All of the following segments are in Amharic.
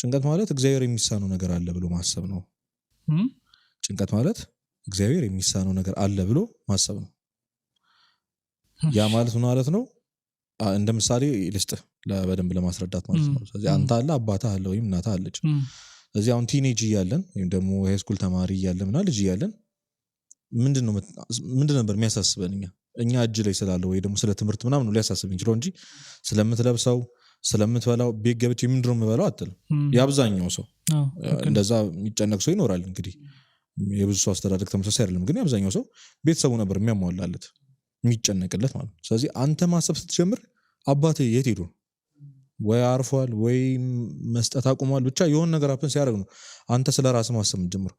ጭንቀት ማለት እግዚአብሔር የሚሳነው ነገር አለ ብሎ ማሰብ ነው። ጭንቀት ማለት እግዚአብሔር የሚሳነው ነገር አለ ብሎ ማሰብ ነው። ያ ማለት ምን ማለት ነው? እንደ ምሳሌ ልስጥ በደንብ ለማስረዳት ማለት ነው። ስለዚህ አንተ አለ አባትህ አለ ወይም እናትህ አለች። ስለዚህ አሁን ቲኔጅ እያለን ወይም ደግሞ ሃይስኩል ተማሪ እያለን ምና ልጅ እያለን ምንድን ነበር የሚያሳስበን እኛ እኛ እጅ ላይ ስላለው ወይ ደግሞ ስለ ትምህርት ምናምን ሊያሳስብ እንችለው እንጂ ስለምትለብሰው ስለምትበላው ቤት ገብቼ የምንድሮ የምበላው አትል የአብዛኛው ሰው እንደዛ የሚጨነቅ ሰው ይኖራል። እንግዲህ የብዙ ሰው አስተዳደግ ተመሳሳይ አይደለም፣ ግን የአብዛኛው ሰው ቤተሰቡ ነበር የሚያሟላለት የሚጨነቅለት ማለት ነው። ስለዚህ አንተ ማሰብ ስትጀምር አባት የት ሄዱ ወይ አርፏል ወይ መስጠት አቁሟል፣ ብቻ የሆነ ነገር አፕን ሲያደርግ ነው አንተ ስለ ራስ ማሰብ ጀምሮ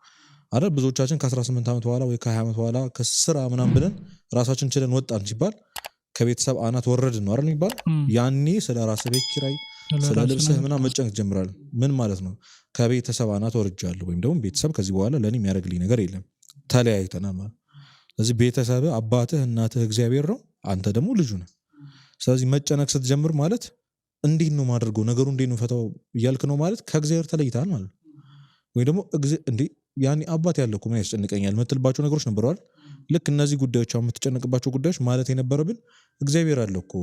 አይደል። ብዙዎቻችን ከ18 ዓመት በኋላ ወይ ከ20 ዓመት በኋላ ከስራ ምናም ብለን ራሳችን ችለን ወጣን ሲባል ከቤተሰብ አናት ወረድን ነው አይደል የሚባል ያኔ ስለ ራስ ቤት ኪራይ ስለ ልብስህ ምና መጨነቅ ጀምራል። ምን ማለት ነው? ከቤተሰብ አናት ወርጃለሁ ወይም ደግሞ ቤተሰብ ከዚህ በኋላ ለእኔ የሚያደርግልኝ ነገር የለም ተለያይተናል ማለት ስለዚህ ቤተሰብ አባትህ እናትህ እግዚአብሔር ነው፣ አንተ ደግሞ ልጁ ነህ። ስለዚህ መጨነቅ ስትጀምር ማለት እንዴት ነው ማድርገው ነገሩ እንዴት ነው ፈተው እያልክ ነው ማለት ከእግዚአብሔር ተለይተሃል ማለት ወይ ደግሞ ያኔ አባት ያለኩ ምን ያስጨንቀኛል የምትልባቸው ነገሮች ነበረዋል። ልክ እነዚህ ጉዳዮች የምትጨነቅባቸው ጉዳዮች ማለት የነበረብን እግዚአብሔር አለ እኮ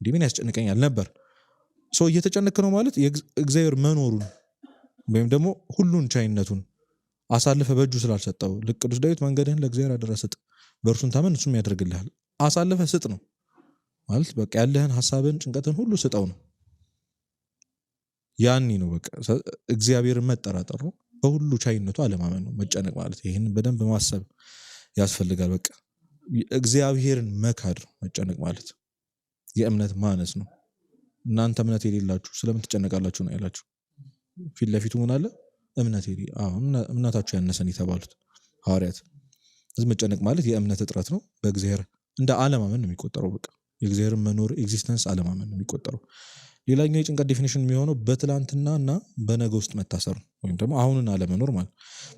እንዲህ ያስጨንቀኛል ነበር። ሰው እየተጨነክ ነው ማለት እግዚአብሔር መኖሩን ወይም ደግሞ ሁሉን ቻይነቱን አሳልፈ በእጁ ስላልሰጠው ልክ ቅዱስ ዳዊት መንገድህን ለእግዚአብሔር አደራ ስጥ፣ በእርሱን ታመን እሱም ያደርግልሃል። አሳልፈ ስጥ ነው ማለት በቃ ያለህን ሀሳብን ጭንቀትን ሁሉ ስጠው ነው። ያኔ ነው በቃ እግዚአብሔርን መጠራጠር ነው። በሁሉ ቻይነቱ አለማመን ነው መጨነቅ ማለት። ይህን በደንብ ማሰብ ያስፈልጋል። በቃ እግዚአብሔርን መካድ መጨነቅ ማለት የእምነት ማነስ ነው። እናንተ እምነት የሌላችሁ ስለምን ትጨነቃላችሁ ነው ያላችሁ። ፊት ለፊቱ ምን አለ? እምነት እምነታችሁ ያነሰን የተባሉት ሐዋርያት። እዚህ መጨነቅ ማለት የእምነት እጥረት ነው። በእግዚአብሔር እንደ አለማመን ነው የሚቆጠረው። በቃ የእግዚአብሔርን መኖር ኤግዚስተንስ አለማመን ነው የሚቆጠረው። ሌላኛው የጭንቀት ዴፊኒሽን የሚሆነው በትላንትና እና በነገ ውስጥ መታሰር ወይም ደግሞ አሁንን አለመኖር ማለት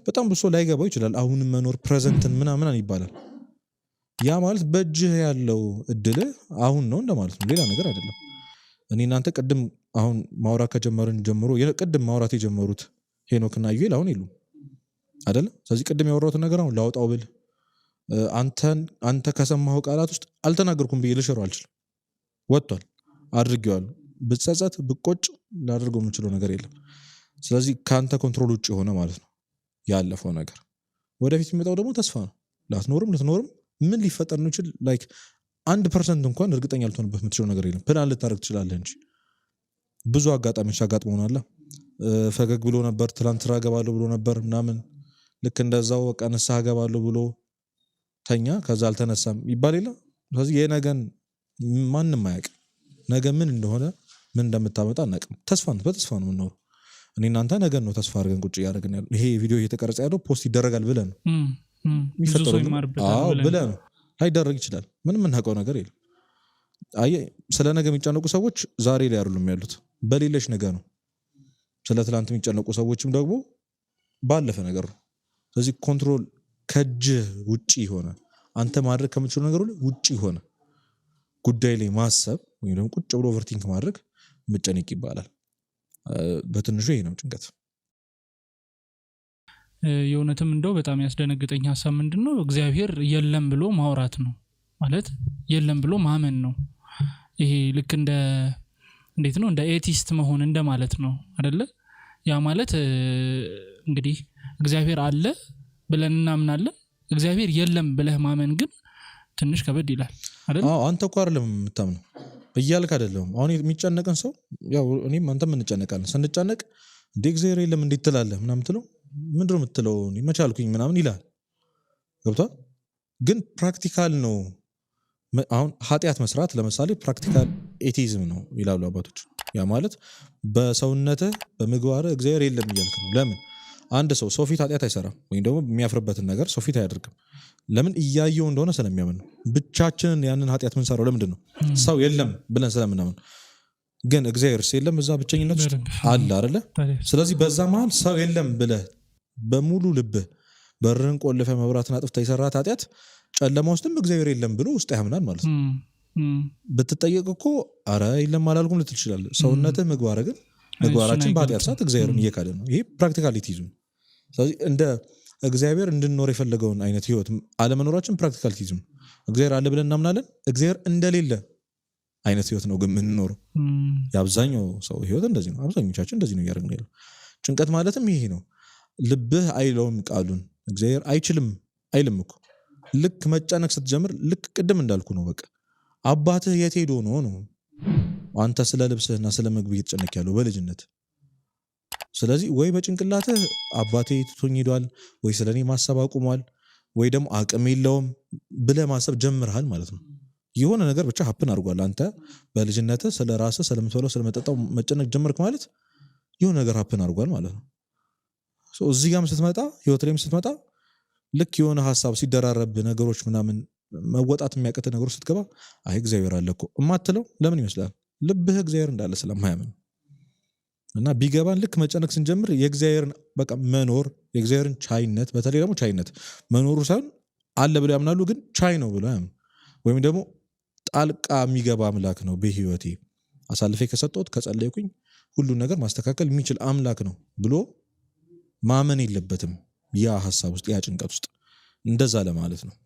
በጣም ብሶ ላይገባው ይችላል። አሁንን መኖር ፕሬዘንትን ምናምን ይባላል። ያ ማለት በእጅህ ያለው እድል አሁን ነው እንደማለት ነው፣ ሌላ ነገር አይደለም። እኔ እናንተ ቅድም አሁን ማውራት ከጀመርን ጀምሮ ቅድም ማውራት የጀመሩት እና ዩል አሁን የሉም አይደለም። ስለዚህ ቅድም ያወራሁትን ነገር አሁን ላውጣው ብል አንተ ከሰማኸው ቃላት ውስጥ አልተናገርኩም ብዬ ልሽረው አልችልም። ወጥቷል፣ አድርጌዋለሁ። ብጸጸት፣ ብቆጭ ላደርገው የምችለው ነገር የለም። ስለዚህ ከአንተ ኮንትሮል ውጭ የሆነ ማለት ነው ያለፈው ነገር። ወደፊት የሚመጣው ደግሞ ተስፋ ነው። ላትኖርም ልትኖርም ምን ሊፈጠር ነው ላይክ አንድ ፐርሰንት እንኳን እርግጠኛ ልትሆንበት የምትችለው ነገር የለም። ፕላን ልታደርግ ትችላለህ እንጂ ብዙ አጋጣሚዎች አጋጥመውናል። ፈገግ ብሎ ነበር ትላንት፣ ስራ እገባለሁ ብሎ ነበር ምናምን። ልክ እንደዛው በቃ ንስሐ እገባለሁ ብሎ ተኛ፣ ከዛ አልተነሳም ይባል የለ። ስለዚህ የነገን ማንም አያውቅም ነገ ምን እንደሆነ ምን እንደምታመጣ አናቅም ተስፋ በተስፋ ነው የምኖሩ እኔ እናንተ ነገ ነው ተስፋ አድርገን ቁጭ እያደረግን ያለ ይሄ ቪዲዮ እየተቀረጸ ያለው ፖስት ይደረጋል ብለ ነው ነው። አይደረግ ይችላል። ምንም የምናውቀው ነገር የለም። አየ ስለ ነገ የሚጨነቁ ሰዎች ዛሬ ላይ አይደሉም ያሉት፣ በሌለች ነገ ነው። ስለ ትላንት የሚጨነቁ ሰዎችም ደግሞ ባለፈ ነገር ነው። ስለዚህ ኮንትሮል ከእጅህ ውጭ ሆነ አንተ ማድረግ ከምችሉ ነገር ውጭ ሆነ ጉዳይ ላይ ማሰብ ወይም ደግሞ ቁጭ ብሎ ኦቨርቲንክ ማድረግ መጨነቅ ይባላል በትንሹ ይሄ ነው ጭንቀት የእውነትም እንደው በጣም ያስደነግጠኝ ሀሳብ ምንድን ነው እግዚአብሔር የለም ብሎ ማውራት ነው ማለት የለም ብሎ ማመን ነው ይሄ ልክ እንደ እንዴት ነው እንደ ኤቲስት መሆን እንደማለት ነው አደለ ያ ማለት እንግዲህ እግዚአብሔር አለ ብለን እናምናለን እግዚአብሔር የለም ብለህ ማመን ግን ትንሽ ከበድ ይላል አንተ እኮ አይደለም የምታምነው እያልክ አደለሁም። አሁን የሚጨነቅን ሰው ያው እኔም አንተም እንጨነቃለን። ስንጨነቅ እንደ እግዚአብሔር የለም እንዴት ትላለህ ምናምን ትለው ምንድነው የምትለው መቻልኩኝ ምናምን ይላል። ገብቷል። ግን ፕራክቲካል ነው። አሁን ኃጢአት መስራት ለምሳሌ ፕራክቲካል ኤቲዝም ነው ይላሉ አባቶች። ያ ማለት በሰውነትህ በምግባርህ እግዚአብሔር የለም እያልክ ነው። ለምን አንድ ሰው ሰው ፊት ኃጢአት አይሰራም ወይም ደግሞ የሚያፍርበትን ነገር ሰው ፊት አያደርግም። ለምን እያየው እንደሆነ ስለሚያምን ነው። ብቻችንን ያንን ኃጢአት ምንሰራው ለምንድን ነው? ሰው የለም ብለን ስለምናምን። ግን እግዚአብሔር የለም እዛ ብቸኝነት ውስጥ አለ አይደለ? ስለዚህ በዛ መሀል ሰው የለም ብለህ በሙሉ ልብህ በርን ቆልፈ መብራትን አጥፍተ የሰራት ኃጢአት ጨለማ ውስጥም እግዚአብሔር የለም ብሎ ውስጥ ያምናል ማለት ነው። ብትጠየቅ እኮ አረ የለም አላልኩም ልትል ትችላለህ። ሰውነትህ ምግባር ግን ምግባራችን በኃጢአት ሰዓት እግዚአብሔርን እየካደ ነው። ይሄ ፕራክቲካሊቲ ስለዚህ እንደ እግዚአብሔር እንድንኖር የፈለገውን አይነት ህይወት አለመኖራችን ፕራክቲካሊቲ እግዚአብሔር አለ ብለን እናምናለን። እግዚአብሔር እንደሌለ አይነት ህይወት ነው ግን የምንኖረው። የአብዛኛው ሰው ህይወት እንደዚህ ነው። አብዛኞቻችን እንደዚህ ነው እያደረግን ያለው። ጭንቀት ማለትም ይሄ ነው። ልብህ አይለውም ቃሉን። እግዚአብሔር አይችልም አይልም እኮ ልክ መጨነቅ ስትጀምር፣ ልክ ቅድም እንዳልኩ ነው። በቃ አባትህ የት ሄዶ ነው ነው አንተ ስለ ልብስህና ስለ ምግብ እየተጨነቅ ያለው በልጅነት ስለዚህ ወይ በጭንቅላትህ አባቴ ትቶኝ ሂዷል ወይ ስለ እኔ ማሰብ አቁሟል ወይ ደግሞ አቅም የለውም ብለህ ማሰብ ጀምርሃል ማለት ነው። የሆነ ነገር ብቻ ሀፕን አድርጓል። አንተ በልጅነት ስለ ራስ ስለምትበለው ስለመጠጣው መጨነቅ ጀመርክ ማለት የሆነ ነገር ሀፕን አድርጓል ማለት ነው። እዚህ ጋም ስትመጣ ህይወት ላይም ስትመጣ ልክ የሆነ ሀሳብ ሲደራረብ ነገሮች ምናምን መወጣት የሚያቀት ነገሮች ስትገባ አይ እግዚአብሔር አለ እኮ እማትለው ለምን ይመስላል? ልብህ እግዚአብሔር እንዳለ ስለማያምን እና ቢገባን ልክ መጨነቅ ስንጀምር የእግዚአብሔርን በቃ መኖር የእግዚአብሔርን ቻይነት በተለይ ደግሞ ቻይነት መኖሩ ሳይሆን አለ ብለው ያምናሉ፣ ግን ቻይ ነው ብለው ያምኑ ወይም ደግሞ ጣልቃ የሚገባ አምላክ ነው በህይወቴ አሳልፌ ከሰጠሁት ከጸለይኩኝ ሁሉን ነገር ማስተካከል የሚችል አምላክ ነው ብሎ ማመን የለበትም። ያ ሀሳብ ውስጥ ያ ጭንቀት ውስጥ እንደዛ ለማለት ነው።